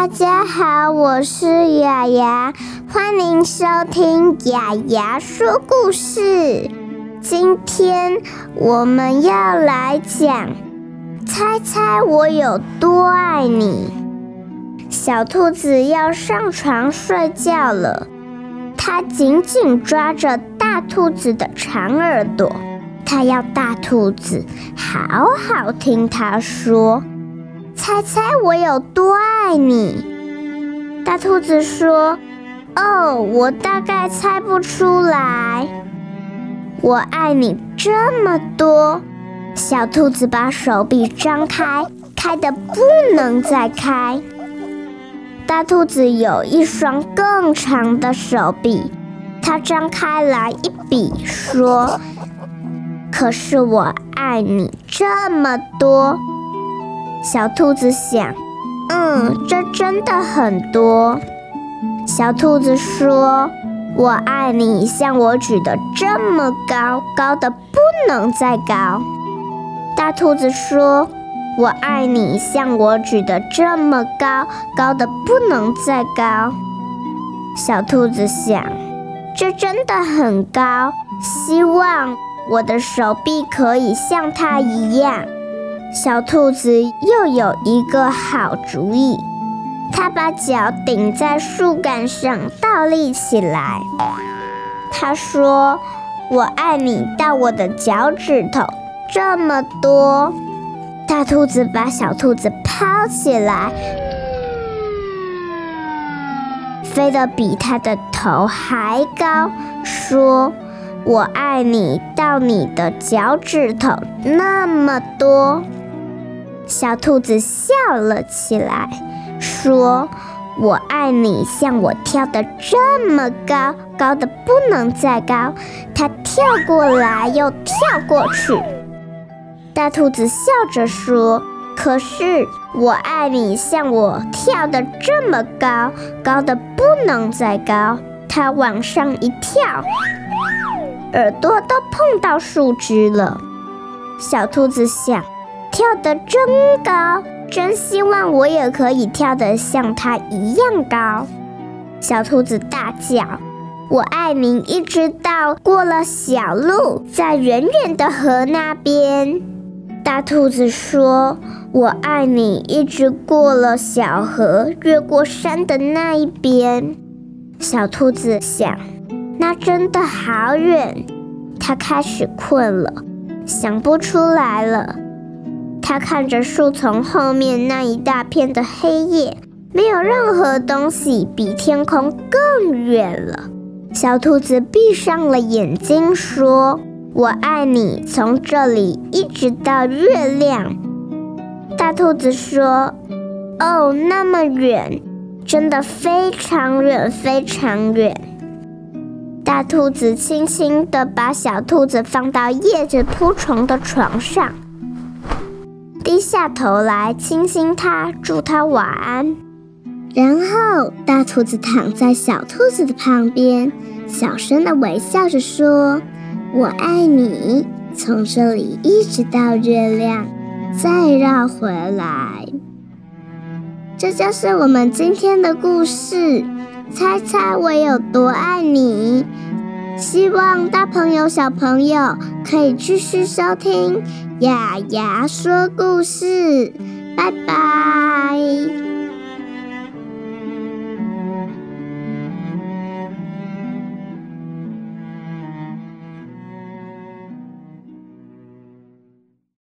大家好，我是亞亞，歡迎收聽亞亞說故事。今天我們要來講《猜猜我有多愛你》。小兔子要上床睡覺了，它緊緊抓着大兔子的長耳朵，它要大兔子好好聽它說。猜猜我有多愛你？大兔子說：“哦，我大概猜不出來。我愛你這麼多。”小兔子把手臂張開，開得不能再開。大兔子有一雙更長的手臂，它張開來一比說：“可是我愛你這麼多。”小兔子想：“嗯，這真的很多。”小兔子說：“我愛你，像我舉得這麼高，高得不能再高。”大兔子說：“我愛你，像我舉得這麼高，高得不能再高。”小兔子想：“這真的很高，希望我的手臂可以像它一樣。”小兔子又有一個好主意，它把腳頂在樹幹上倒立起來。它說：“我愛你到我的腳趾頭這麼多。”大兔子把小兔子拋起來，飛得比它的頭還高，說：“我愛你到你的腳趾頭那麼多。”小兔子笑了起來，說：“我愛你，像我跳的這麼高，高的不能再高。”它跳過來又跳過去。大兔子笑着說：“可是我愛你，像我跳的這麼高，高的不能再高。”它往上一跳，耳朵都碰到樹枝了。小兔子想。跳得真高，真希望我也可以跳得像它一樣高。小兔子大叫：“我愛你！”一直到過了小路，在遠遠的河那邊。大兔子說：“我愛你！”一直過了小河，越過山的那一邊。小兔子想，那真的好遠。它開始困了，想不出來了。他看着樹叢後面那一大片的黑夜，沒有任何東西比天空更遠了。小兔子閉上了眼睛，說：“我愛你，從這裡一直到月亮。”大兔子說：“哦，那麼遠，真的非常遠，非常遠。”大兔子輕輕地把小兔子放到葉子鋪床的床上。低下頭來親親他，祝他晚安。然後大兔子躺在小兔子的旁邊，小聲地微笑着說：“我愛你。”從這裡一直到月亮，再繞回來。這就是我們今天的故事。猜猜我有多愛你？希望大朋友、小朋友可以繼續收聽。亞亞說故事，拜拜。